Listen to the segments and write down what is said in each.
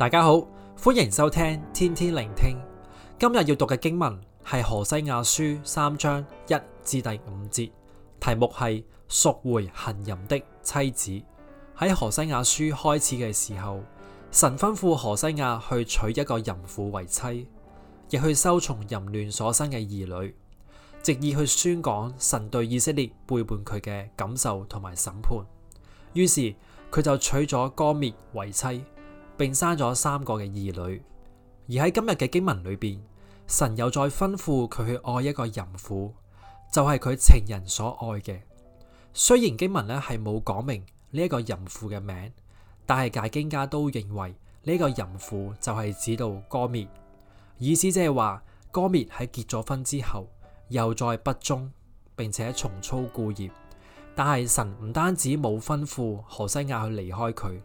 大家好，歡迎收聽天天靈聽。今日要讀嘅經文係《何西阿書》三章一至第五節，題目係贖回行淫的妻子。喺《何西阿書》開始嘅時候，神吩咐何西阿去娶一個淫婦為妻，亦去收從淫亂所生嘅兒女，藉以去宣講神對以色列背叛佢嘅感受同埋審判。於是佢就娶咗歌篾為妻。並生咗三個嘅兒女，而喺今日嘅經文裏邊，神又再吩咐佢去愛一個淫婦，就係、是、佢情人所愛嘅。雖然經文咧係冇講明呢一個淫婦嘅名，但係解經家都認為呢個淫婦就係指到歌篾，意思即係話歌篾喺結咗婚之後又再不忠，並且重操故業。但係神唔單止冇吩咐何西阿去離開佢。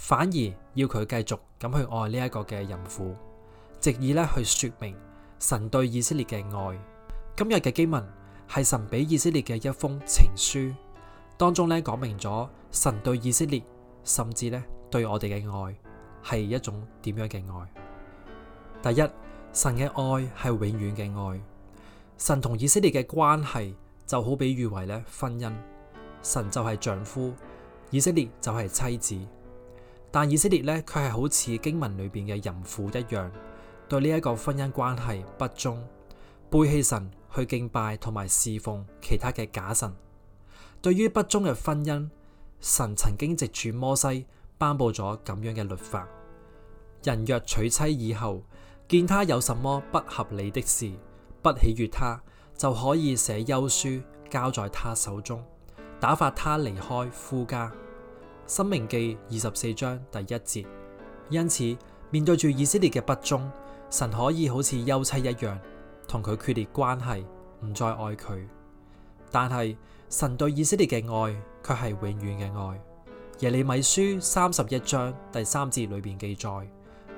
反而要佢繼續咁去愛呢一個嘅淫婦，藉以咧去說明神對以色列嘅愛。今日嘅經文係神俾以色列嘅一封情書，當中咧講明咗神對以色列，甚至咧對我哋嘅愛係一種點樣嘅愛。第一，神嘅愛係永遠嘅愛。神同以色列嘅關係就好比喻為咧婚姻，神就係丈夫，以色列就係妻子。但以色列咧，佢係好似經文裏邊嘅淫婦一樣，對呢一個婚姻關係不忠，背棄神去敬拜同埋侍奉其他嘅假神。對於不忠嘅婚姻，神曾經藉住摩西頒布咗咁樣嘅律法：人若娶妻以後，見他有什麼不合理的事，不喜悅他，就可以寫休書交在他手中，打發他離開夫家。《申命記》二十四章第一節，因此面對住以色列嘅不忠，神可以好似休妻一樣同佢決裂關係，唔再愛佢。但係神對以色列嘅愛卻係永遠嘅愛。耶利米書三十一章第三節裏邊記載：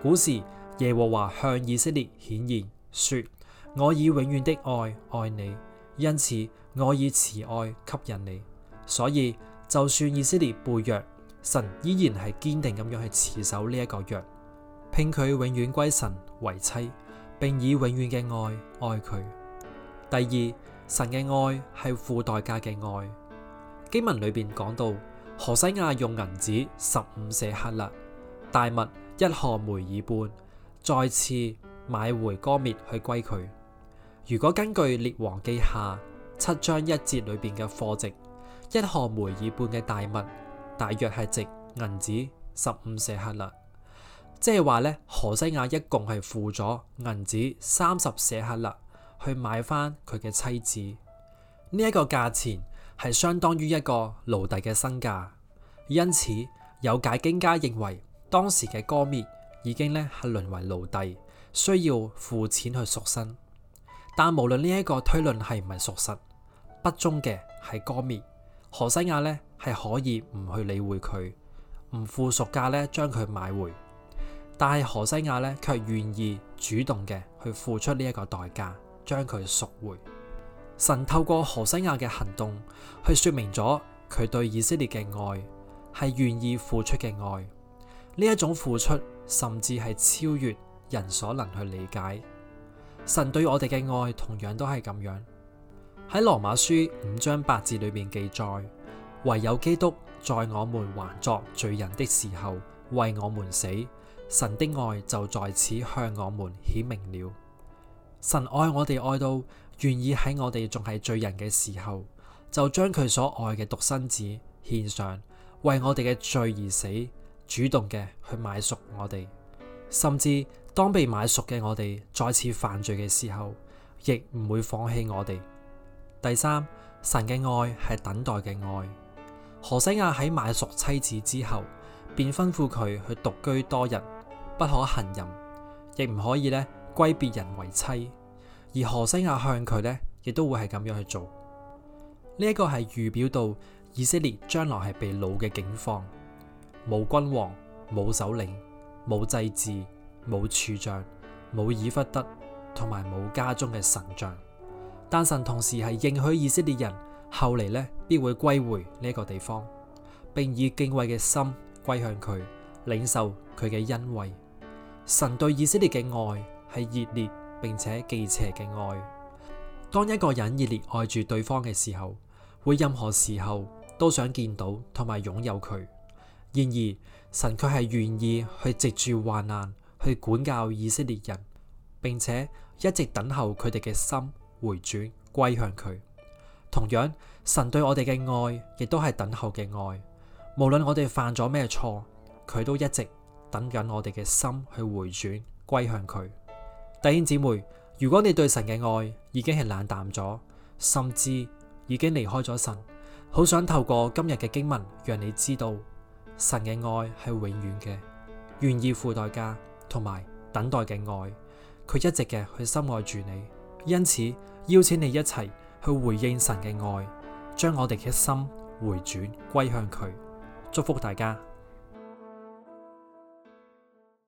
古時耶和華向以色列顯現說，我以永遠的愛愛你，因此我以慈愛吸引你。所以就算以色列背約。神依然係堅定咁樣去持守呢一個約，聘佢永遠歸神為妻，並以永遠嘅愛愛佢。第二，神嘅愛係付代價嘅愛。經文裏邊講到，何西阿用銀子十五舍客勒，大麥一賀梅珥半，再次買回歌篾去歸佢。如果根據列王記下七章一節裏邊嘅貨值，一賀梅珥半嘅大麥，大約係值銀子十五舍客勒，即係話咧，何西阿一共係付咗銀子三十舍客勒去買翻佢嘅妻子。呢、這、一個價錢係相當於一個奴隸嘅身價，因此有解經家認為當時嘅歌篾已經咧係淪為奴隸，需要付錢去贖身。但無論呢一個推論係唔係屬實，不忠嘅係歌篾，何西阿呢。係可以唔去理會佢，唔付贖價咧，將佢買回。但係，何西阿呢，卻願意主動嘅去付出呢一個代價，將佢贖回。神透過何西阿嘅行動去說明咗佢對以色列嘅愛，係願意付出嘅愛。呢一種付出甚至係超越人所能去理解。神對我哋嘅愛同樣都係咁樣，喺羅馬書五章八字裏面記載。唯有基督在我們還作罪人的時候，為我們死，神的愛就在此向我們顯明了。神愛我哋愛到願意喺我哋仲係罪人嘅時候，就將佢所愛嘅獨生子獻上，為我哋嘅罪而死，主動嘅去買贖我哋。甚至當被買贖嘅我哋再次犯罪嘅時候，亦唔會放棄我哋。第三，神嘅愛係等待嘅愛。何西阿喺買贖妻子之後，便吩咐佢去獨居多日，不可行淫，亦唔可以咧歸別人為妻。而何西阿向佢咧，亦都會係咁樣去做。呢一個係預表到以色列將來係被擄嘅景況：冇君王，冇首領，冇祭祀、冇柱像，冇以弗得，同埋冇家中嘅神像。但神同時係應許以色列人。後嚟呢，必會歸回呢個地方，並以敬畏嘅心歸向佢，領受佢嘅恩惠。神對以色列嘅愛係熱烈並且忌邪嘅愛。當一個人熱烈愛住對方嘅時候，會任何時候都想見到同埋擁有佢。然而，神卻係願意去藉住患難去管教以色列人，並且一直等候佢哋嘅心回轉歸向佢。同樣，神對我哋嘅愛亦都係等候嘅愛，無論我哋犯咗咩錯，佢都一直等緊我哋嘅心去回轉歸向佢。弟兄姊妹，如果你對神嘅愛已經係冷淡咗，甚至已經離開咗神，好想透過今日嘅經文，讓你知道神嘅愛係永遠嘅，願意付代價同埋等待嘅愛，佢一直嘅去深愛住你。因此，邀請你一齊。去回應神嘅愛，將我哋嘅心回轉歸向佢，祝福大家。